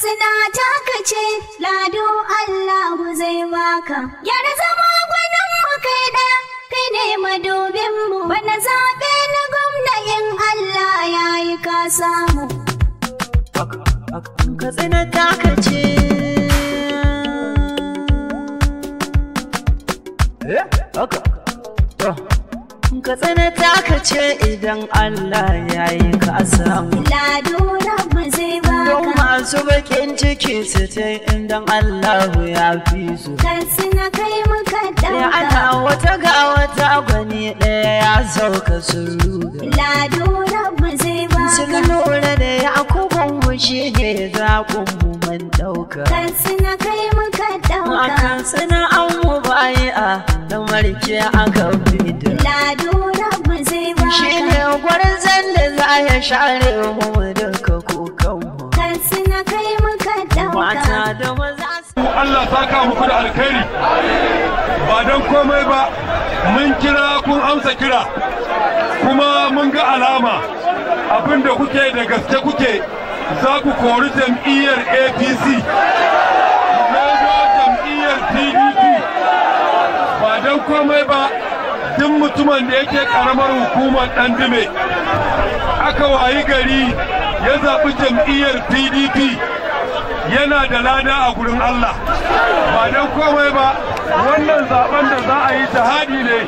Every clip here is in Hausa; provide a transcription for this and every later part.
Katsina ta kace lado Allahu zai baka. Yar zama gwanin mu kai ɗaya kai ne madobin mu. Bana zaɓe na gwamna in Allah ya yi ka samu. Katsina ta kace. Yeah, okay. Katsina ta ce, idan Allah ya yi ka samu. ba Don masu bakin ciki su ta idan Allah ya fi su. kai Ya ana wata ga wata gwani ɗaya ya sauka sun ruga. Ladura ba zai Sun lura da ya akubin mu shi ne za mu man ɗauka. Katsina kai muka dauka. A katsina an mu baya a da marke aka fi da. ya share mu da duka kukanmu kan suna kai muka dauka mata da maza Allah saka muku da alkhairi ba dan komai ba mun kira kun amsa kira kuma mun ga alama abinda kuke da gaske kuke za ku kori jam'iyyar apc na jam'iyyar pdp ba dan komai ba duk mutumin da yake karamar hukumar dume aka wayi gari ya zaɓi jam'iyyar pdp yana da lada a gurin allah ba don komai ba wannan zaben da za a yi jihadi ne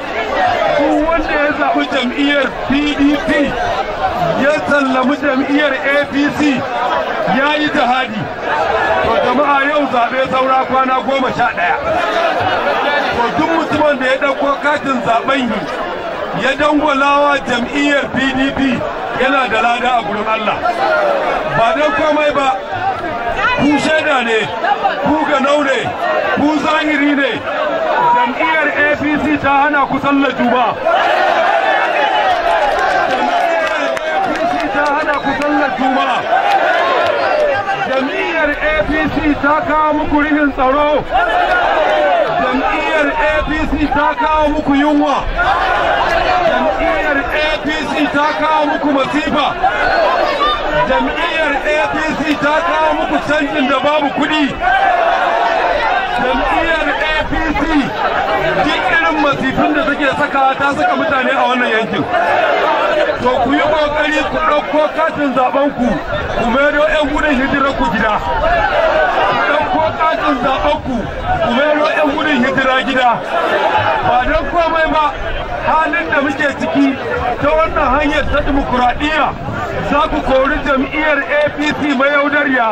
su wanda ya zaɓi jam'iyyar pdp ya sallami jam'iyyar apc ya yi jihadi to jama'a yau zaɓe saura kwana goma sha ɗaya to duk mutumin da ya ɗauko katin zaben yi ya dangwalawa jam'iyyar pdp yana da lada a gurin allah ba don komai ba ku shaida ne ku ga naure ku zahiri ne jam'iyyar apc ta hana ku sallar juba ta hana ku sallar jam'iyyar apc ta kawo muku rihin tsaro jam'iyyar apc ta kawo muku yunwa jam'iyyar apc ta kawo muku masifa jam'iyyar apc ta kawo muku canjin da babu kuɗi jam'iyyar apc duk irin masifin da take saka ta saka mutane a wannan yankin to ku yi kokari ku ɗauko katin zaben ku ku maido 'yan gudun hijirar ku gida katin zaɓen ku mero 'yan gudun hijira gida ba don komai ba halin da muke ciki ta wannan hanyar ta dimokuraɗiyya za ku kori jam'iyyar apc mayaudariya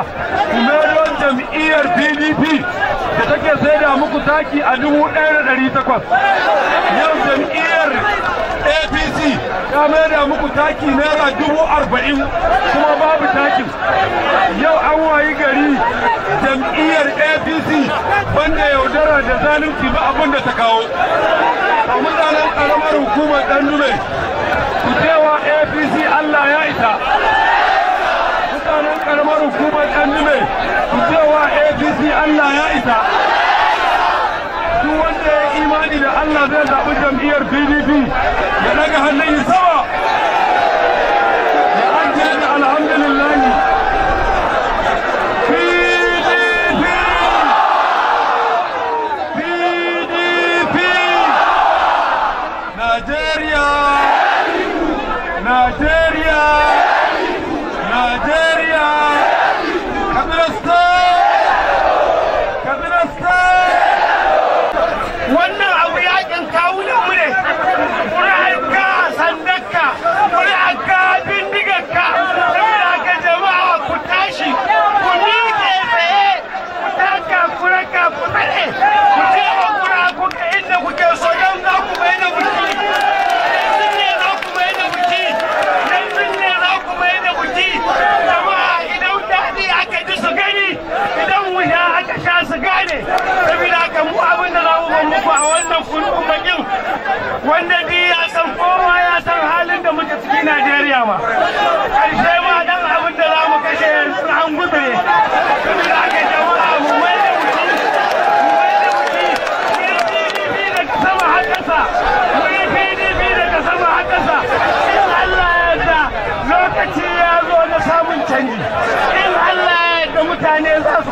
kuma mero jam'iyyar pdp da take sai da muku taki a dubu ɗaya da ɗari takwas yau jam'iyyar apc ta maida muku taki naira dubu arba'in kuma babu takin yau an wayi gari jam'iyyar apc banda yaudara da zalunci ba abin da ta kawo a mutanen karamar hukumar dan dume ku cewa apc allah ya isa mutanen karamar hukumar dan dume ku cewa apc allah ya isa duk wanda ya imani da allah zai zaɓi jam'iyyar pdp 大家很得应声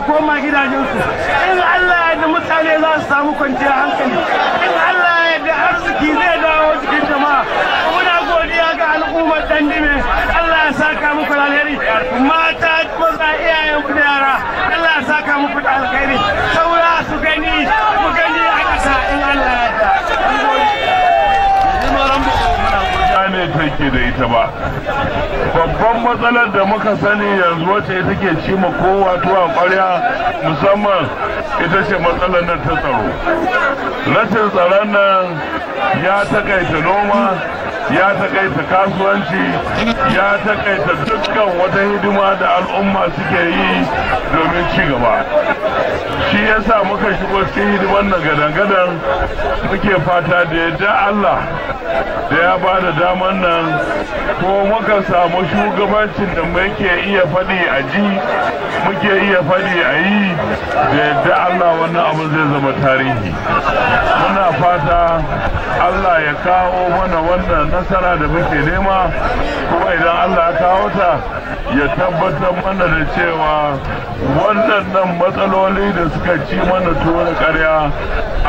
koma gidajensu in Allah ya da mutane za su samu kwanciyar hankali in Allah ya da arziki zai dawo cikin jama'a muna godiya ga al'ummar dandime Allah ya saka muku alheri mata maza iyayen ku da yara Allah ya saka muku alheri saura su gani mu gani a ƙasa in Allah ya yake da ita ba babban matsalar da muka sani yanzu wacce ita ke ci ma kowa tuwa kwarya musamman ita ce matsalar nan ta tsaro rashin tsaron nan ya takaita noma ya takaita kasuwanci ya takaita dukkan wata hidima da al'umma suke yi domin ci gaba shi yasa muka shigo cikin hidimar na gadan muke fata da yadda Allah da ya ba da daman nan ko muka samu shugabancin da muke iya faɗi a ji muke iya faɗi a yi da yadda Allah wannan abu zai zama tarihi muna fata Allah ya kawo mana wannan nasara da muke nema kuma idan Allah ya kawo ta ya tabbatar mana da cewa waɗannan matsaloli da suka ci mana tuwon karya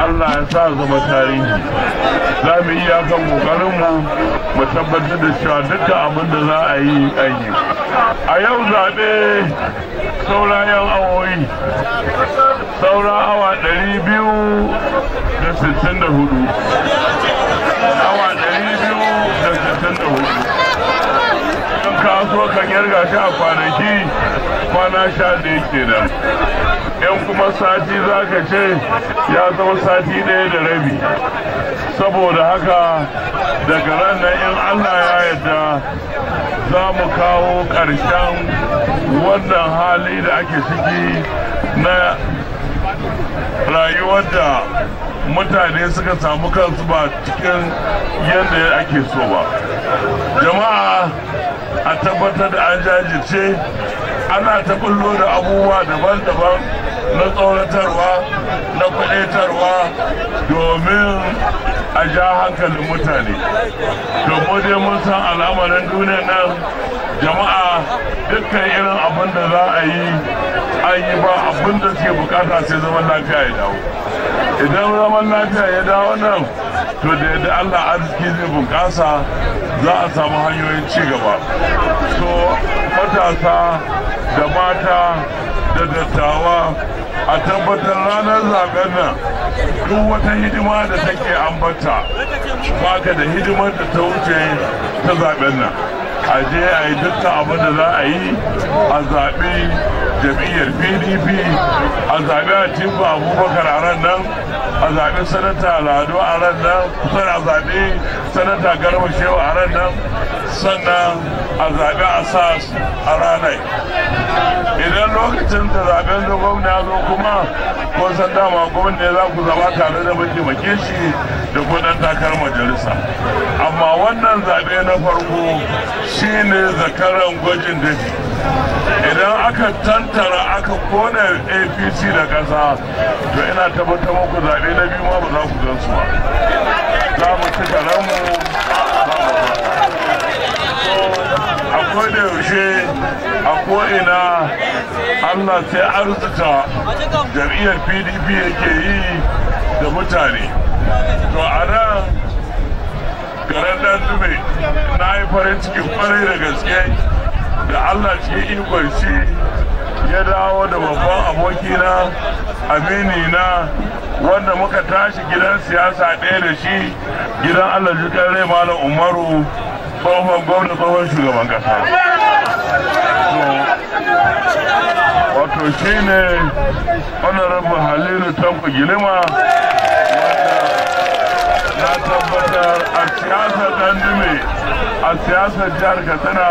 Allah ya sa zama tarihi za mu yi yakan ƙoƙarinmu mu tabbatar da cewa dukkan abin da za a yi yi a yau zaɓe saura yan awoyi saura awa 264 awa 264 don kaso kan yarga shi a kwanaki kwana sha da yake nan yan kuma sati za ka ce ya zama sati ɗaya da rabi saboda haka daga ranar in allah ya yarda za mu kawo ƙarshen wannan hali da ake ciki na rayuwar da mutane suka samu kansu ba cikin yadda ake so ba jama'a a tabbatar da an jajirce ana ta kullo da abubuwa daban-daban na tsoratarwa na kudetarwa domin a ja hankalin mutane domin dai mun san al'amarin duniya nan jama'a dukkan irin abin da za a yi an yi ba abin da suke bukata sai zaman lafiya ya dawo idan zaman lafiya ya dawo nan to da yadda allah arziki zai bunƙasa za a samu hanyoyin ci gaba so matasa da mata da dattawa a tabbatar ranar zaben nan duk wata hidima da take ambata baka da hidimar da ta wuce ta zaben nan a je a yi dukkan abin da za a yi a zaɓi jam'iyyar pdp a zaɓi a timba abubakar a ran nan a zaɓi sanata lado a ran nan kusan a zaɓi sanata garba shehu a ran nan sannan a zaɓe a sa a ranar idan lokacin ta zaɓen da gwamna zo kuma ko san dama gwamna ya za ku zama tare da mataimakin shi da kudin takar majalisa amma wannan zaɓe na farko shine zakaran gwajin shi idan aka tantara aka kona apc da ƙasa to ina tabbatar muku zaɓe na biyu ma ba za ku gansu ba za mu ci mu da yaushe a ko'ina allah sai arzuta jam'iyyar pdp yake yi da mutane to a nan garin dan na yi farin cikin kwarai da gaske da allah cikin ikon shi ya dawo da babban abokina aminina wanda muka tashi gidan siyasa ɗaya da shi gidan allah jikin rai malam umaru tsohon gwamna tsohon shugaban kasa wato shi ne honorable halilu tanko gilima na tabbatar a siyasar dandume a siyasar jihar katsina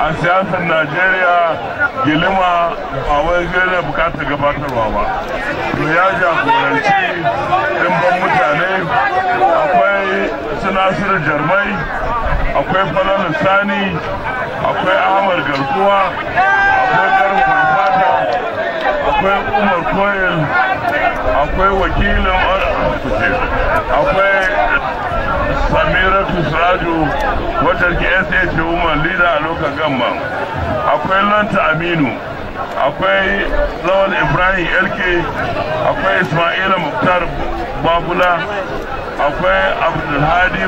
a siyasar najeriya gilima a wani gina bukatar gabatarwa ba to ya jagoranci dimban mutane akwai sinasirin jarmai akwai falalar sani akwai ahmad garkuwa akwai garfan fata akwai umar koyel akwai wakilin akwai samiratu siraju wata ke sh woman leader a lokacin gamba. akwai lanta aminu akwai Lawan ibrahim lk akwai ismaila muktar babula akwai abdulhadi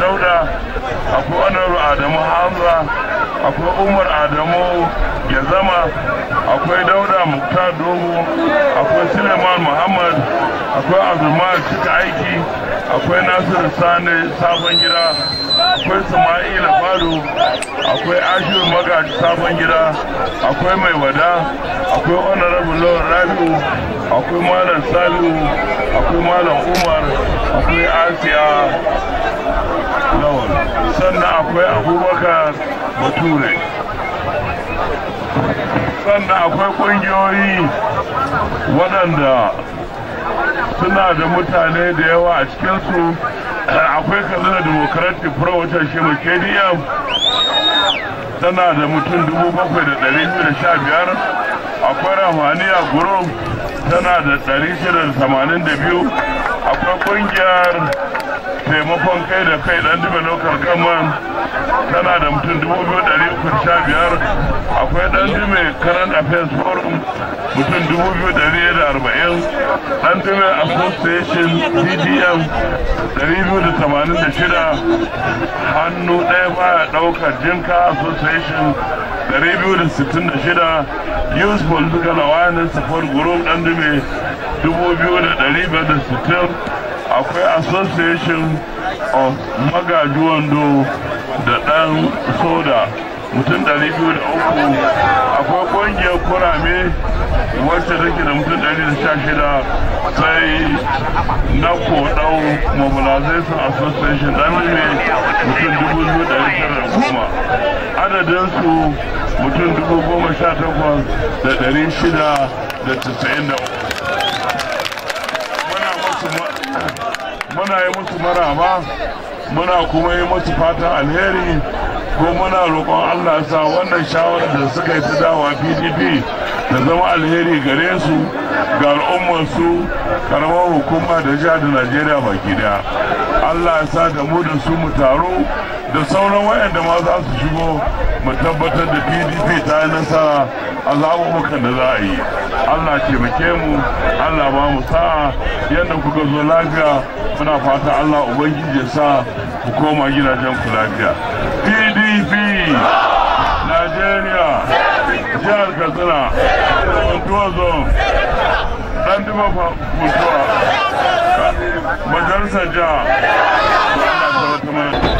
dauda akwai onar adamu hamza akwai umar adamu ya zama akwai dauda muktar dogo akwai suleiman muhammad akwai abdulmar cika aiki akwai nasiru sani sabon gida akwai sama'ila fado akwai ashiru magaji sabon gida akwai mai wada akwai honorable lawan rabiu akwai malam saliu akwai malam umar akwai asiya lawal sannan akwai abubakar bature sannan akwai ƙungiyoyi waɗanda suna da mutane da yawa a cikinsu akwai kaduna democratic pro wata shema kdm tana da mutum 7,215 akwai ramaniya group tana da 682 akwai kungiyar taimakon kai da kai dan duba lokal kaman tana da mutum dubu biyu ɗari uku sha biyar akwai dan dume karan affairs forum mutum dubu biyu ɗari da arba'in dan dume association cdm ɗari biyu da tamanin da shida hannu ɗaya baya ɗaukar jinka association ɗari biyu da sittin da shida youth political awareness support group dan dume 2,160 akwai association of magaji wando da ɗan soda mutum 203 akwai ƙungiyar kurame wacce take da mutum 116 sai na kodau mobilization association mai mutum 2,910 adadinsu mutum da 18,693 muna yi musu marama muna kuma yi musu fatan alheri ko muna roƙon allah sa wannan shawarar da suka yi ta dawa pdp da zama alheri gare su ga al'ummarsu karamar hukuma da jihar da najeriya baki daya Allah ya sa da mu da su mu taro da sauran wayanda ma za su shigo mu tabbatar da PDP ta yi nasara a zaɓuɓɓukan da za a yi Allah taimake mu Allah ba mu sa'a yadda kuka zo lafiya muna fata Allah ubangiji ya sa ku koma gidajen ku lafiya PDP Nigeria! jihar Katsina Tuwazon ɗan duba mutuwa majalisar jiha wanda ta wata mana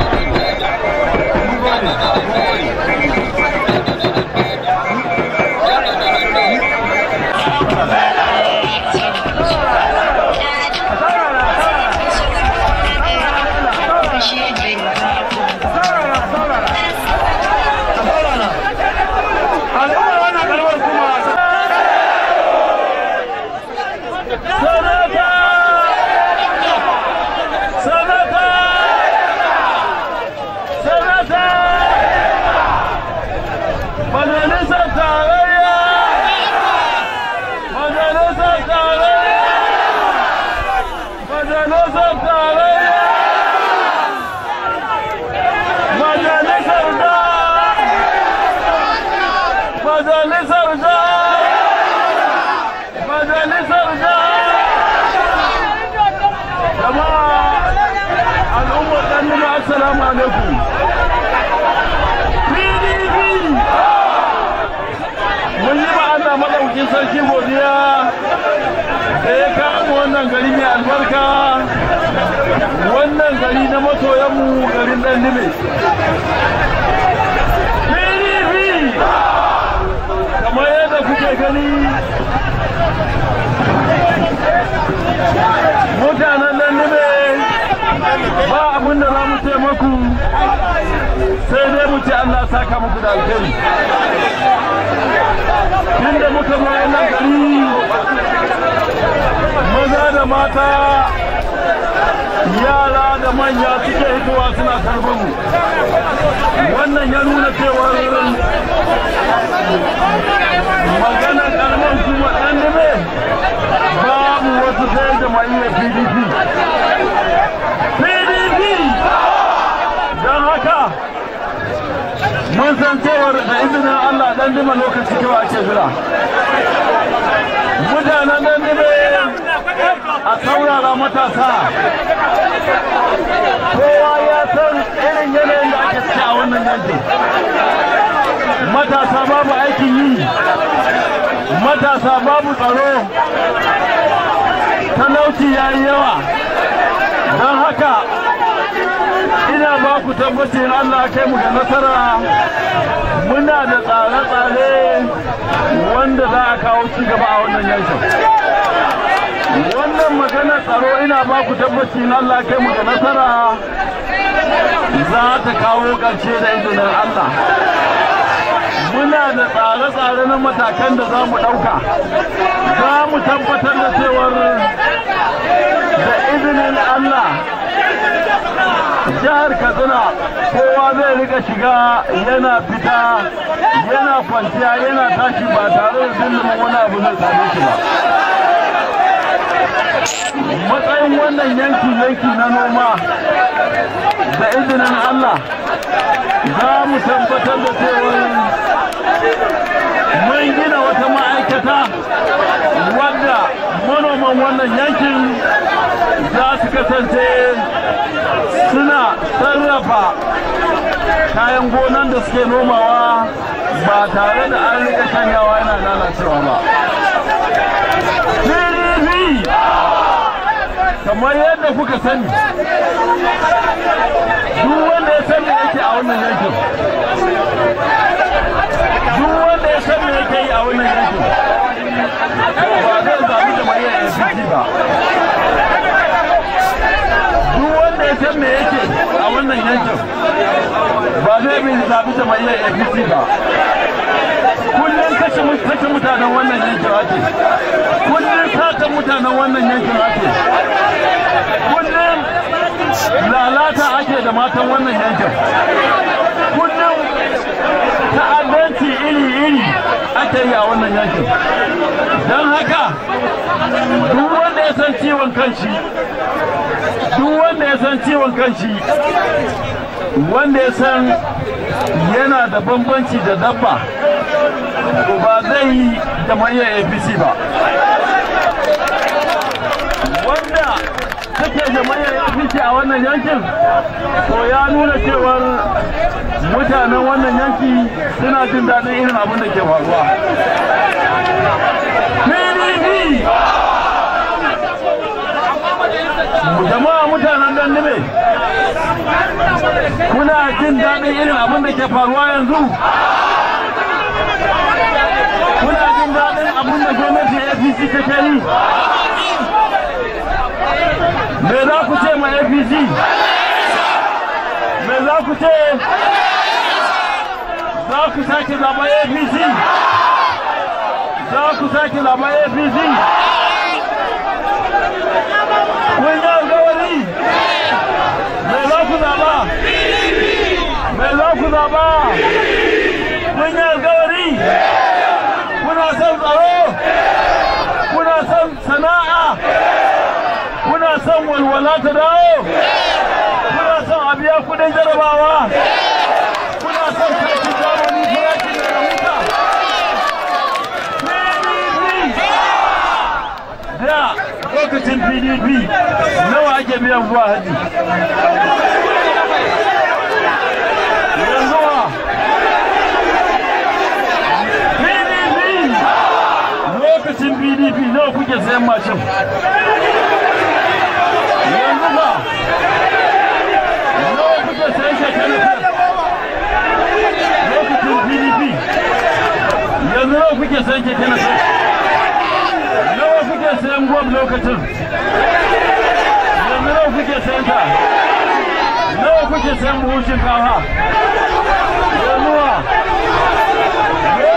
mutanen nan nime ba abin da za mu ce sai dai mu ce Allah saka muku da alkhairi inda muka zo wannan gari maza da mata yara da manya suke hitowa suna karbar mu wannan ya nuna cewar magana kalmar kuma ɗan ba mu wasu sai jama'iyyar pdp pdp don haka mun san cewar da izinin allah ɗan lokaci kewa ake jira mutanen ɗan a saurara matasa kowa ya san irin yanayin da ake ciki a wannan yankin matasa babu aikin yi matasa babu tsaro talauci ya yi yawa don haka ina ba ku tabbacin allah kai mu da nasara muna da tsare-tsare wanda za a kawo ci gaba a wannan yankin wannan magana tsaro ina ba ku tabbacin allah kai mu da nasara za ta kawo ƙarshe da izinin allah muna da tsare-tsare na matakan da za mu ɗauka za mu tabbatar da cewar da izinin Allah jihar katsina kowa zai rika shiga yana fita yana kwanciya yana tashi ba tare da zullumin wani abu zai same shi ba matsayin wannan yanki yanki na noma da izinin Allah za mu tabbatar da cewa mun gina wata ma'aikata wadda manoman wannan yankin za su kasance suna sarrafa kayan gonan da suke nomawa ba tare da an rika shanyawa yana lalacewa ba kamar yadda kuka sani duk wanda ya sani yake a wannan yankin duk wanda ya sani yake yi a wannan yankin ba zai zaɓi da mariya ya fi ba duk wanda ya san me yake a wannan yankin ba zai bi zaɓi da mariya ya fi ba kullum kashe mutanen wannan yankin ake kullum sata mutanen wannan yankin ake da matan wannan yankin kullum ta'addanci iri-iri ake yi a wannan yankin don haka duk wanda ya san ciwon kanshi duk wanda ya san ciwon kanshi wanda ya san yana da bambanci da dabba ba zai yi da manyan apc ba wanda take jama'iyyar APC a wannan yankin to ya nuna cewar mutanen wannan yanki suna jin daɗin irin abin da ke faruwa. PDP! Jama'a mutanen Dandube, kuna jin daɗin irin abin da ke faruwa yanzu? Kuna jin daɗin abin da gwamnati APC ta yi? me za ku ce ma apc me za ku ce za ku sake zaɓa apc za ku sake zaɓa apc kun yi alkawari me za ku zaɓa me za ku zaɓa kun yi alkawari kuna son tsaro son walwala ta dawo kuna son a biya kudin jarabawa kuna son kaki zamani farashin da rahuta pdp da lokacin pdp nawa ake biyan zuwa haji lokacin pdp nawa kuke sayan mashin kuke sayan keke na nawa kuke sayan gwam lokacin yanzu nawa kuke sayan ta nawa kuke sayan buhun shinkafa yanuwa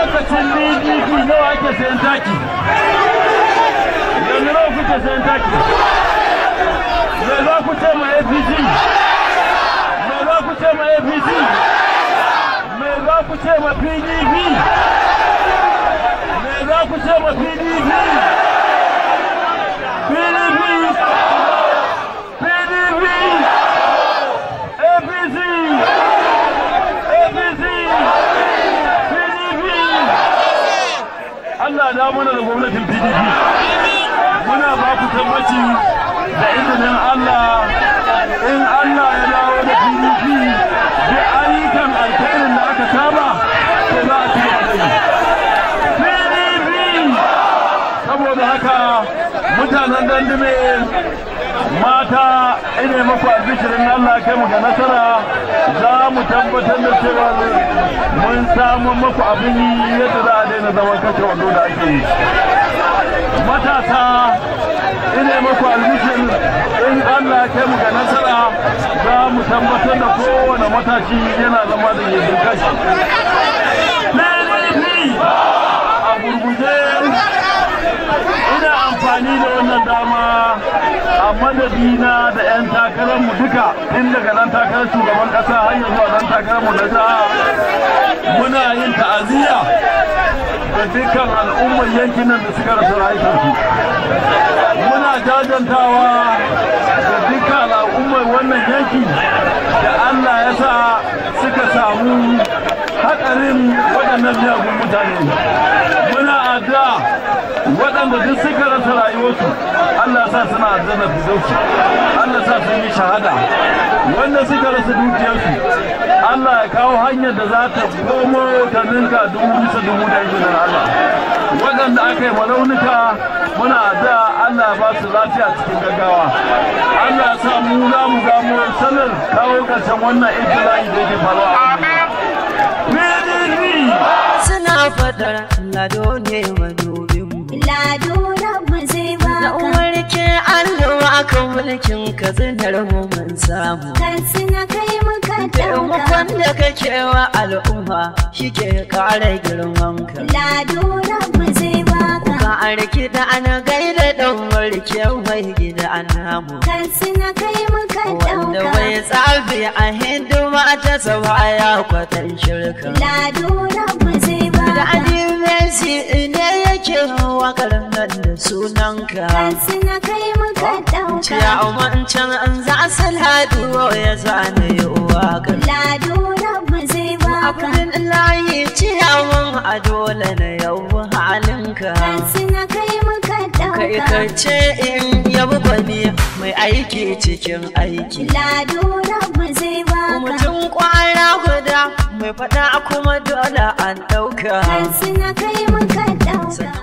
lokacin dvd nawa ake sayan taki yanzu nawa kuke sayan taki me za ce ma apc me za ce ma apc me za ku ce ma pdp ku ce ma PDP PDP PDP APC Allah da mana da gwamnatin PDP muna ba ku tabbaci da izinin Allah mutanen dume mata ina maku albishirin Allah kai mu ga nasara za mu tabbatar da cewa mun samu maku abin yadda za a daina zaman kashe wando da ake yi matasa ina maku albishirin in Allah kai mu ga nasara za mu tabbatar da kowane matashi yana zama da yin kashi. Na a gurguje ina amfani da wannan dama a madadina da 'yan takararmu duka tun daga nan takarar shugaban kasa har yanzu zuwa nan takararmu da jiha muna yin ta'aziyya da dukkan al'ummar yankin nan da suka rasa rayukansu muna jajantawa da dukkan al'ummar wannan yanki da allah ya sa suka samu hakarin waɗannan miyagun mutane waɗanda duk suka rasa rayuwarsu Allah sa suna aljanna fi dauki Allah sa sun yi shahada wanda suka rasa dukiyarsu Allah ya kawo hanyar da za ta komo ta ninka dubu bisa dubu da izinin Allah waɗanda aka yi malaunuka muna da Allah ba su lafiya cikin gaggawa Allah sa mu mu gamo sanar kawo ƙarshen wannan ibtila'i da yake faruwa a Suna fadar lado ne lado rabu zai baka na umarke alluwa kan mulkin ka zinar mu mun samu katsina kai muka dauka taimakon da kake wa al'umma shike kare girman ka lado rabu zai baka ka arki da ana gaida dan mulke mai gida namu katsina kai muka dauka wanda wai tsabi a hidima ta sawa ya kwatan shirka lado rabu zai da Messi ne yake wakar nan da sunanka. Kansina kai muka ɗauka. Ciya can an za su wa ya zane wakar. Ladu rabu zai baka. Abin layi ciyawan a dole na yau halinka. Kansina kai muka dauka Kai ka ce in yabi ne mai aiki cikin aiki. Ladu na zai ka. Mutum kwara guda mai faɗa kuma dole an ɗauka. Kai suna kai mun ɗauka.